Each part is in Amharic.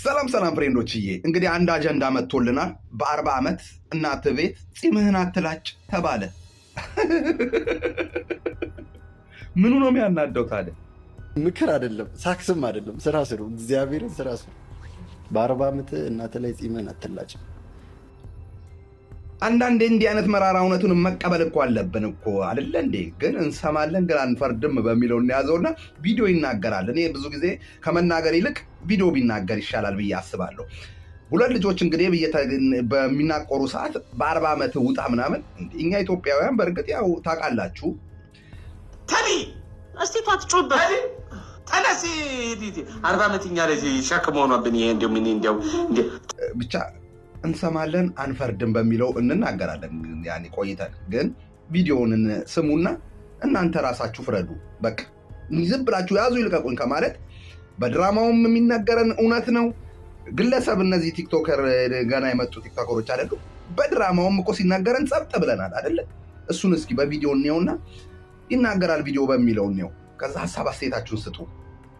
ሰላም ሰላም ፍሬንዶችዬ፣ እንግዲህ አንድ አጀንዳ መጥቶልናል። በአርባ ዓመት እናት ቤት ፂምህን አትላጭ ተባለ። ምኑ ነው የሚያናደው ታዲያ? ምክር አይደለም ሳክስም አይደለም ስራ ስሩ፣ እግዚአብሔርን ስራ ስሩ። በአርባ ዓመት እናት ላይ ፂምህን አትላጭ አንዳንዴ እንዲህ አይነት መራራ እውነቱን መቀበል እኮ አለብን እኮ አደለ እንዴ? ግን እንሰማለን ግን አንፈርድም በሚለው እንያዘውና ቪዲዮ ይናገራል። እኔ ብዙ ጊዜ ከመናገር ይልቅ ቪዲዮ ቢናገር ይሻላል ብዬ አስባለሁ። ሁለት ልጆች እንግዲህ በሚናቆሩ ሰዓት በአርባ ዓመት ውጣ ምናምን እኛ ኢትዮጵያውያን በእርግጥ ያው ታውቃላችሁ። ተቢ እስቲ ታትጮበት ተነሲ አርባ ዓመት እኛ ልጅ ሸክም ሆኖብን ይሄ እንዲያው ብቻ እንሰማለን አንፈርድም በሚለው እንናገራለን። ያኔ ቆይተን ግን ቪዲዮውን ስሙና እናንተ ራሳችሁ ፍረዱ። በቃ ዝም ብላችሁ ያዙ ይልቀቁኝ ከማለት በድራማውም የሚነገረን እውነት ነው። ግለሰብ እነዚህ ቲክቶከር ገና የመጡ ቲክቶከሮች አይደሉ። በድራማውም እኮ ሲናገረን ጸጥ ብለናል አይደለ? እሱን እስኪ በቪዲዮ እንየውና ይናገራል ቪዲዮ በሚለው እንየው። ከዛ ሀሳብ አስተያየታችሁን ስጡ።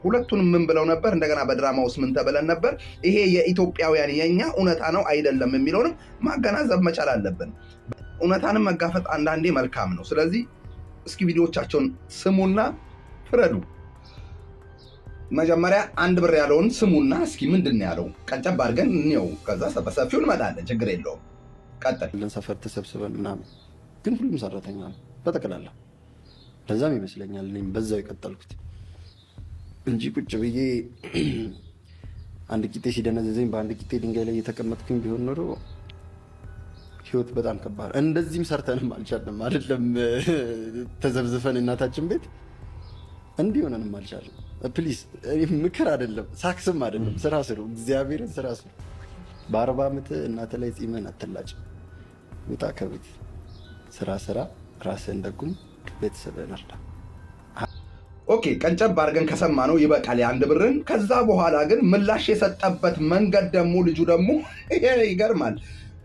ሁለቱንም ምን ብለው ነበር? እንደገና በድራማ ውስጥ ምን ተብለን ነበር? ይሄ የኢትዮጵያውያን የኛ እውነታ ነው አይደለም የሚለውንም ማገናዘብ መቻል አለብን። እውነታንም መጋፈጥ አንዳንዴ መልካም ነው። ስለዚህ እስኪ ቪዲዮቻቸውን ስሙና ፍረዱ። መጀመሪያ አንድ ብር ያለውን ስሙና እስኪ ምንድን ነው ያለው? ቀንጨብ አድርገን እንየው። ከዛ በሰፊው እንመጣለን። ችግር የለውም። ቀጥል። ሰፈር ተሰብስበን ምናምን ግን ሁሉም ሰራተኛ ነው በጠቅላላ። ለዛም ይመስለኛል እኔም በዛው የቀጠልኩት እንጂ ቁጭ ብዬ አንድ ቂጤ ሲደነዘዘኝ በአንድ ቂጤ ድንጋይ ላይ እየተቀመጥኩኝ ቢሆን ኖሮ ህይወት በጣም ከባድ። እንደዚህም ሰርተንም አልቻለም። አይደለም ተዘብዝፈን እናታችን ቤት እንዲህ ሆነንም አልቻለም። ፕሊስ ምክር አይደለም፣ ሳክስም አይደለም፣ ስራ ስሩ። እግዚአብሔርን ስራ ስሩ። በአርባ ዓመት እናተ ላይ ፂምህን አትላጭ። ውጣ ከቤት ስራ ስራ፣ ራስህን ደጉም፣ ቤተሰብህን አርዳ። ኦኬ ቀንጨብ አድርገን ከሰማ ነው ይበቃል፣ የአንድ ብርን። ከዛ በኋላ ግን ምላሽ የሰጠበት መንገድ ደግሞ ልጁ ደግሞ ይገርማል።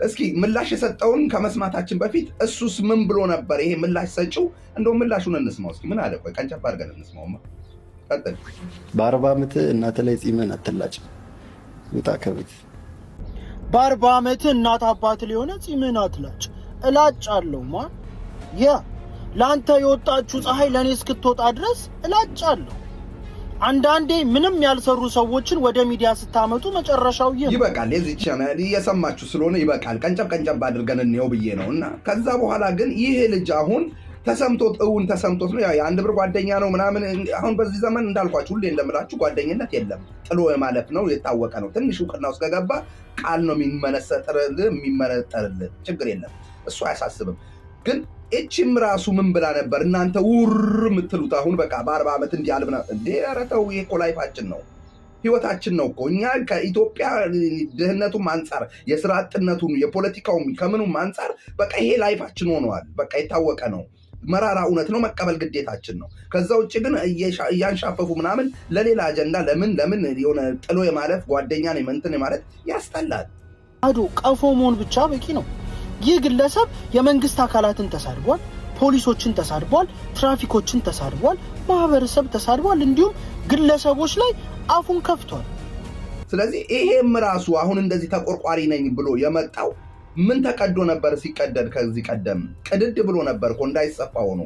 እስኪ ምላሽ የሰጠውን ከመስማታችን በፊት እሱስ ምን ብሎ ነበር? ይሄ ምላሽ ሰጪው እንደው ምላሹን እንስማው እስኪ። ምን አለ? ቆይ ቀንጨብ አድርገን እንስማው። ቀጥል። በአርባ ዓመት እናት ላይ ጺምን አትላጭም፣ ውጣ ከቤት። በአርባ ዓመት እናት አባት ሊሆነ ጺምን አትላጭ። እላጭ አለውማ ያ ለአንተ የወጣችሁ ፀሐይ ለእኔ እስክትወጣ ድረስ እላጫለሁ። አንዳንዴ ምንም ያልሰሩ ሰዎችን ወደ ሚዲያ ስታመጡ መጨረሻው ይህ ይበቃል። የዚህ ቻናል እየሰማችሁ ስለሆነ ይበቃል፣ ቀንጨብ ቀንጨብ አድርገን እንየው ብዬ ነው እና ከዛ በኋላ ግን ይሄ ልጅ አሁን ተሰምቶት እውን ተሰምቶት ነው የአንድ ብር ጓደኛ ነው ምናምን። አሁን በዚህ ዘመን እንዳልኳችሁ ሁሌ እንደምላችሁ ጓደኝነት የለም፣ ጥሎ የማለፍ ነው፣ የታወቀ ነው። ትንሽ እውቅና ውስጥ ከገባ ቃል ነው የሚመነጠርልህ፣ የሚመነጠርልህ ችግር የለም እሱ አያሳስብም ግን እችም ራሱ ምን ብላ ነበር? እናንተ ውር የምትሉት አሁን በቃ በአርባ ዓመት እንዲያል ብና እንዴ፣ ኧረ ተው። ይሄ እኮ ላይፋችን ነው ህይወታችን ነው እኮ እኛ ከኢትዮጵያ ድህነቱም አንጻር የስራ አጥነቱን የፖለቲካውም ከምኑም አንጻር በቃ ይሄ ላይፋችን ሆነዋል። በቃ የታወቀ ነው። መራራ እውነት ነው። መቀበል ግዴታችን ነው። ከዛ ውጭ ግን እያንሻፈፉ ምናምን ለሌላ አጀንዳ ለምን ለምን የሆነ ጥሎ የማለፍ ጓደኛን የመንትን ማለት ያስጠላል። አዶ ቀፎ መሆን ብቻ በቂ ነው። ይህ ግለሰብ የመንግስት አካላትን ተሳድቧል፣ ፖሊሶችን ተሳድቧል፣ ትራፊኮችን ተሳድቧል፣ ማህበረሰብ ተሳድቧል፣ እንዲሁም ግለሰቦች ላይ አፉን ከፍቷል። ስለዚህ ይሄም ራሱ አሁን እንደዚህ ተቆርቋሪ ነኝ ብሎ የመጣው ምን ተቀዶ ነበር? ሲቀደድ ከዚህ ቀደም ቅድድ ብሎ ነበር እኮ እንዳይጸፋ ሆኖ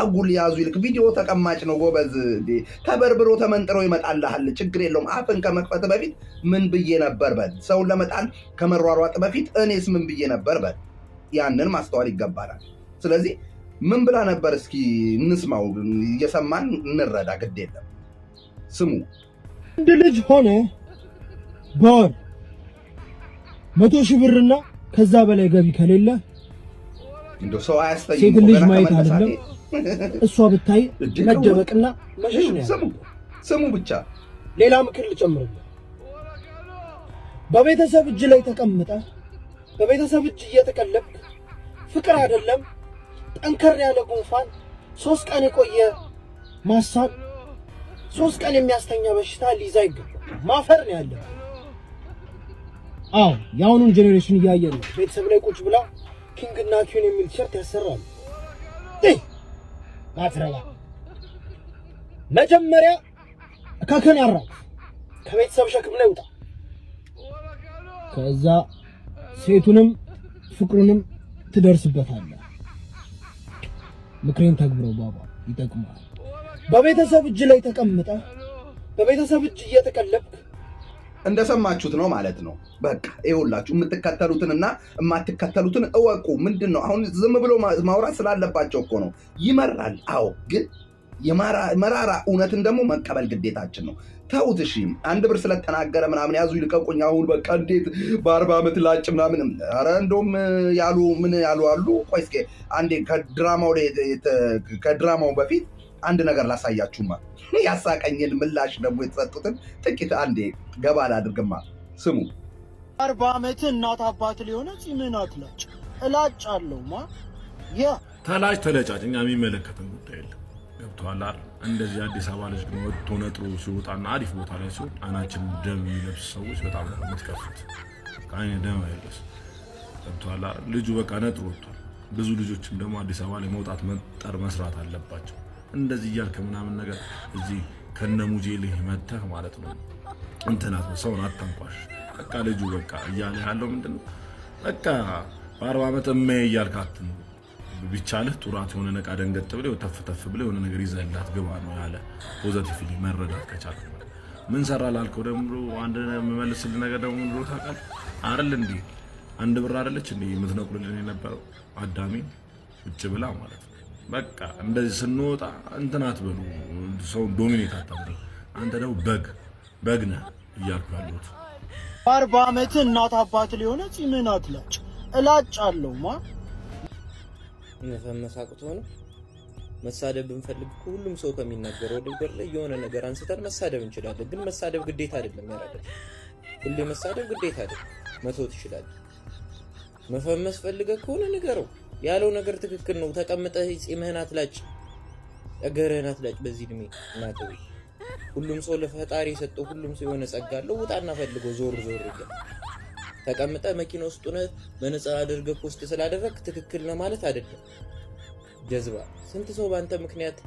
አጉል ያዙ ይልክ ቪዲዮ ተቀማጭ ነው ጎበዝ፣ ተበርብሮ ተመንጥሮ ይመጣልሃል። ችግር የለውም። አፍን ከመክፈት በፊት ምን ብዬ ነበር በል። ሰውን ለመጣል ከመሯሯጥ በፊት እኔስ ምን ብዬ ነበር በል። ያንን ማስተዋል ይገባናል። ስለዚህ ምን ብላ ነበር? እስኪ እንስማው፣ እየሰማን እንረዳ። ግድ የለም ስሙ። አንድ ልጅ ሆነ በወር መቶ ሺህ ብርና ከዛ በላይ ገቢ ከሌለ እንደው ሰው አያስጠይም። ሴት ልጅ ማየት አይደለም እሷ ብታይ መደበቅና መሸሽ ነው። ስሙ ስሙ ብቻ ሌላ ምክር ልጨምርልህ። በቤተሰብ እጅ ላይ ተቀምጠ በቤተሰብ እጅ እየተቀለብክ ፍቅር አይደለም፣ ጠንከር ያለ ጉንፋን፣ ሶስት ቀን የቆየ ማሳብ፣ ሶስት ቀን የሚያስተኛ በሽታ ሊይዛ ይገባል። ማፈር ነው ያለ። አዎ የአሁኑን ጄኔሬሽን እያየ ነው። ቤተሰብ ላይ ቁጭ ብላ ኪንግ እና ኪን የሚል ቲሸርት ያሰራሉ። አትረባ መጀመሪያ ከከን አራት ከቤተሰብ ሸክም ላይ ውጣ። ከዛ ሴቱንም ፍቅሩንም ትደርስበታለህ። ምክሬን ተግብረው ባባ ይጠቅማል። በቤተሰብ እጅ ላይ ተቀምጠ በቤተሰብ እጅ እየተቀለብክ እንደሰማችሁት ነው ማለት ነው። በቃ ይኸውላችሁ የምትከተሉትንና የማትከተሉትን እወቁ። ምንድን ነው አሁን ዝም ብሎ ማውራት ስላለባቸው እኮ ነው። ይመራል። አዎ ግን የመራራ እውነትን ደግሞ መቀበል ግዴታችን ነው። ተውት እሺ፣ አንድ ብር ስለተናገረ ምናምን ያዙ ይልቀቁኝ፣ አሁን በቃ እንዴት በአርባ ዓመት ላጭ ምናምን። ኧረ እንደውም ያሉ ምን ያሉ አሉ። ቆይ እስኪ አንዴ ከድራማው በፊት አንድ ነገር ላሳያችሁማ፣ ያሳቀኝን ምላሽ ደግሞ የተሰጡትን ጥቂት አንዴ ገባ ላድርግማ። ስሙ አርባ ዓመት እናት አባት ሊሆነ ምናት ላጭ እላጭ አለውማ ያ ተላጭ ተለጫጭ፣ እኛ የሚመለከትን ጉዳይ የለም። ገብተኋላ እንደዚህ አዲስ አበባ ልጅ ግን ወጥቶ ነጥሮ ሲወጣና አሪፍ ቦታ ላይ ሲሆን አይናችን ደም የሚለብስ ሰዎች በጣም የምትከፉት ከአይነ ደም አይለስ ገብተኋላ ልጁ በቃ ነጥሮ ወጥቷል። ብዙ ልጆችም ደግሞ አዲስ አበባ ላይ መውጣት መጠር መስራት አለባቸው። እንደዚህ እያልክ ምናምን ነገር እዚህ ከነሙጄ ልህ መተህ ማለት ነው እንትናት ሰውን አታንኳሽ። በቃ ልጁ በቃ እያለ ያለው ምንድነው በቃ በአርባ ዓመት እመዬ እያልክ አትኑር ቢቻልህ ጡራት የሆነ ነቃ ደንገጥ ብለህ ተፍ ተፍ ብለህ የሆነ ነገር ይዘህላት ግባ ነው ያለ። ፖዘቲቭሊ መረዳት ከቻልክ ምን ሰራ ላልከው ደግሞ አንድ የምመልስልህ ነገር ደግሞ ምን ብሎ ታውቃለህ? አይደል እንደ አንድ ብር አይደለች እንደ የምትነቁልልን የነበረው አዳሚ ውጭ ብላ ማለት ነው። በቃ እንደዚህ ስንወጣ እንትናት አትበሉ፣ ሰው ዶሚኔት አታድርጉ። አንተ ደግሞ በግ በግ ነህ እያልኩ ያለሁት አርባ ዓመትህ እናት አባት ሊሆነ ፂምህን አትላጭ። እላጭ አለውማ መፈመስ አቅቶ ነው። መሳደብ ብንፈልግ ሁሉም ሰው ከሚናገረው ድብር ላይ የሆነ ነገር አንስተን መሳደብ እንችላለን። ግን መሳደብ ግዴታ አይደለም። ያራለች ሁሌ መሳደብ ግዴታ አይደለም። መተው ትችላለህ። መፈመስ ፈልገህ ከሆነ ንገረው። ያለው ነገር ትክክል ነው። ተቀምጠህ ጺምህን አትላጭ፣ እግርህን አትላጭ። በዚህ እድሜ እናት ሁሉም ሰው ለፈጣሪ የሰጠው ሁሉም ሰው የሆነ ጸጋ አለው። ውጣና ፈልገው ዞር ዞር ተቀምጠ መኪና ውስጥ ሆነ መነጽር አድርገህ ፖስት ስላደረግ ትክክል ነው ማለት አይደለም። ጀዝባ ስንት ሰው በአንተ ምክንያት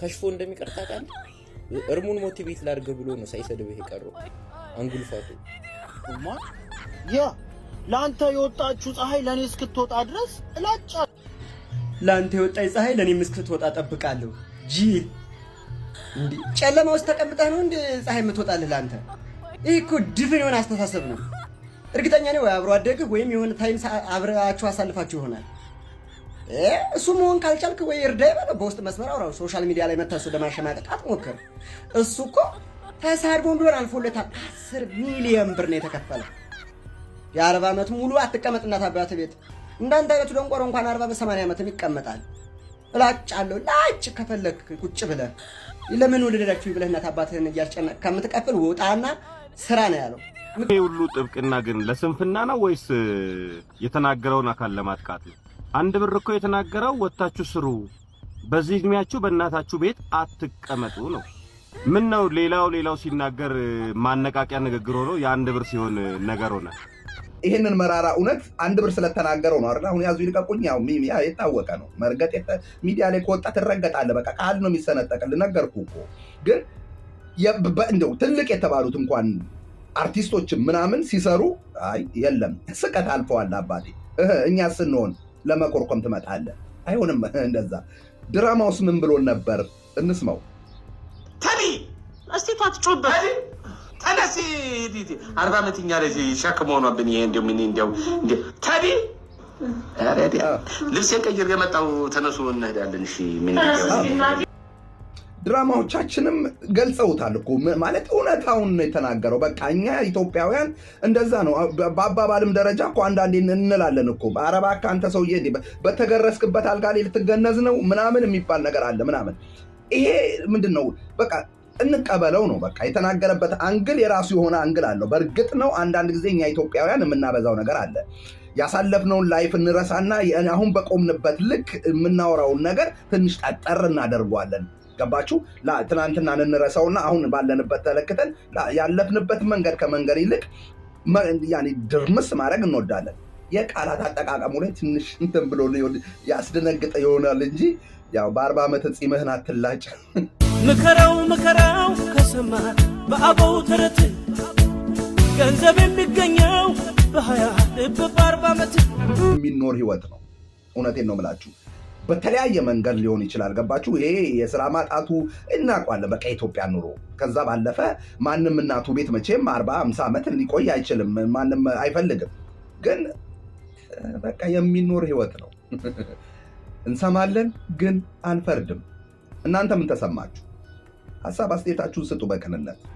ከሽፎ እንደሚቀር ታውቃለህ። እርሙን ሞቲቬት ላድርግ ብሎ ነው ሳይሰድብህ የቀረው አንጉልፋቱ ያ ለአንተ የወጣችሁ ፀሐይ ለእኔ እስክትወጣ ድረስ እላጫ ለአንተ የወጣች ፀሐይ ለእኔም እስክትወጣ ጠብቃለሁ። ጂል ጨለማ ውስጥ ተቀምጠህ ነው እንደ ፀሐይ የምትወጣልህ ለአንተ። ይህ እኮ ድፍን የሆነ አስተሳሰብ ነው። እርግጠኛ ነው አብሮ አደግህ ወይም የሆነ ታይም አብራችሁ አሳልፋችሁ ይሆናል። እሱ መሆን ካልቻልክ ወይ እርዳ ይበለ በውስጥ መስመር አውራው። ሶሻል ሚዲያ ላይ መታሱ ለማሸማቀቅ አትሞክር። እሱ እኮ ተሳድቦም ቢሆን አልፎለታል። አስር ሚሊዮን ብር ነው የተከፈለ። የአርባ ዓመት ሙሉ አትቀመጥ እናት አባት ቤት። እንዳንተ አይነቱ ደንቆሮ እንኳን አርባ በሰማንያ ዓመትም ይቀመጣል። ላጭ አለው ላጭ ከፈለክ ቁጭ ብለህ ለምን ወለዳችሁ ብለህ እናት አባትህን እያስጨነቅ ከምትቀፍል ውጣና ስራ ነው ያለው። ይህ ሁሉ ጥብቅና ግን ለስንፍና ነው ወይስ የተናገረውን አካል ለማጥቃት ነው? አንድ ብር እኮ የተናገረው ወጥታችሁ ስሩ፣ በዚህ እድሜያችሁ በእናታችሁ ቤት አትቀመጡ ነው። ምን ነው ሌላው ሌላው ሲናገር ማነቃቂያ ንግግር ሆኖ የአንድ ብር ሲሆን ነገር ሆነ። ይህንን መራራ እውነት አንድ ብር ስለተናገረው ነው አይደል? አሁን ያዙ ይልቀቁኝ። ያው ሚዲያ የታወቀ ነው መርገጥ። ሚዲያ ላይ ከወጣ ትረገጣለ። በቃ ቃል ነው የሚሰነጠቅልህ። ነገርኩህ እኮ ግን እንደው ትልቅ የተባሉት እንኳን አርቲስቶችም ምናምን ሲሰሩ አይ የለም ስቀት አልፈዋል አባቴ እኛ ስንሆን ለመኮርኮም ትመጣለህ። አይሆንም እንደዛ። ድራማውስ ምን ብሎን ነበር? እንስማው። ተኒ እስቲ ታትጮበት ተነስ። አርባ ዓመት እኛ ላይ ሸክም ሆኖብን ይሄ እንዲ ምን እንዲያው ተቢ ልብሴን ቀይር የመጣው ተነሱ፣ እንሄዳለን። እሺ ምን ድራማዎቻችንም ገልጸውታል እኮ ማለት እውነታውን የተናገረው በቃ እኛ ኢትዮጵያውያን እንደዛ ነው። በአባባልም ደረጃ እኮ አንዳንዴ እንላለን እኮ ኧረ እባክህ አንተ ሰውዬ በተገረስክበት አልጋ ላይ ልትገነዝ ነው ምናምን የሚባል ነገር አለ ምናምን። ይሄ ምንድን ነው በቃ እንቀበለው ነው በቃ የተናገረበት አንግል የራሱ የሆነ አንግል አለው። በእርግጥ ነው አንዳንድ ጊዜ እኛ ኢትዮጵያውያን የምናበዛው ነገር አለ። ያሳለፍነውን ላይፍ እንረሳና አሁን በቆምንበት ልክ የምናወራውን ነገር ትንሽ ጠጠር እናደርጓለን። ገባችሁ? ትናንትና እንረሳውና አሁን ባለንበት ተለክተን ያለፍንበት መንገድ ከመንገድ ይልቅ ድርምስ ማድረግ እንወዳለን። የቃላት አጠቃቀሙ ላይ ትንሽ እንትን ብሎ ያስደነግጠ ይሆናል እንጂ ያው በአርባ ዓመት ጺምህን አትላጭ። ምከራው ምከራው ከሰማ በአበው ተረት ገንዘብ የሚገኘው በሀያ ልብ በአርባ ዓመት የሚኖር ህይወት ነው። እውነቴን ነው ምላችሁ በተለያየ መንገድ ሊሆን ይችላል። ገባችሁ? ይሄ የስራ ማጣቱ እናውቋለን። በቃ ኢትዮጵያ ኑሮ ከዛ ባለፈ ማንም እናቱ ቤት መቼም አርባ አምሳ ዓመት ሊቆይ አይችልም። ማንም አይፈልግም። ግን በቃ የሚኖር ህይወት ነው። እንሰማለን፣ ግን አንፈርድም። እናንተ ምን ተሰማችሁ? ሀሳብ አስተያየታችሁን ስጡ በቅንነት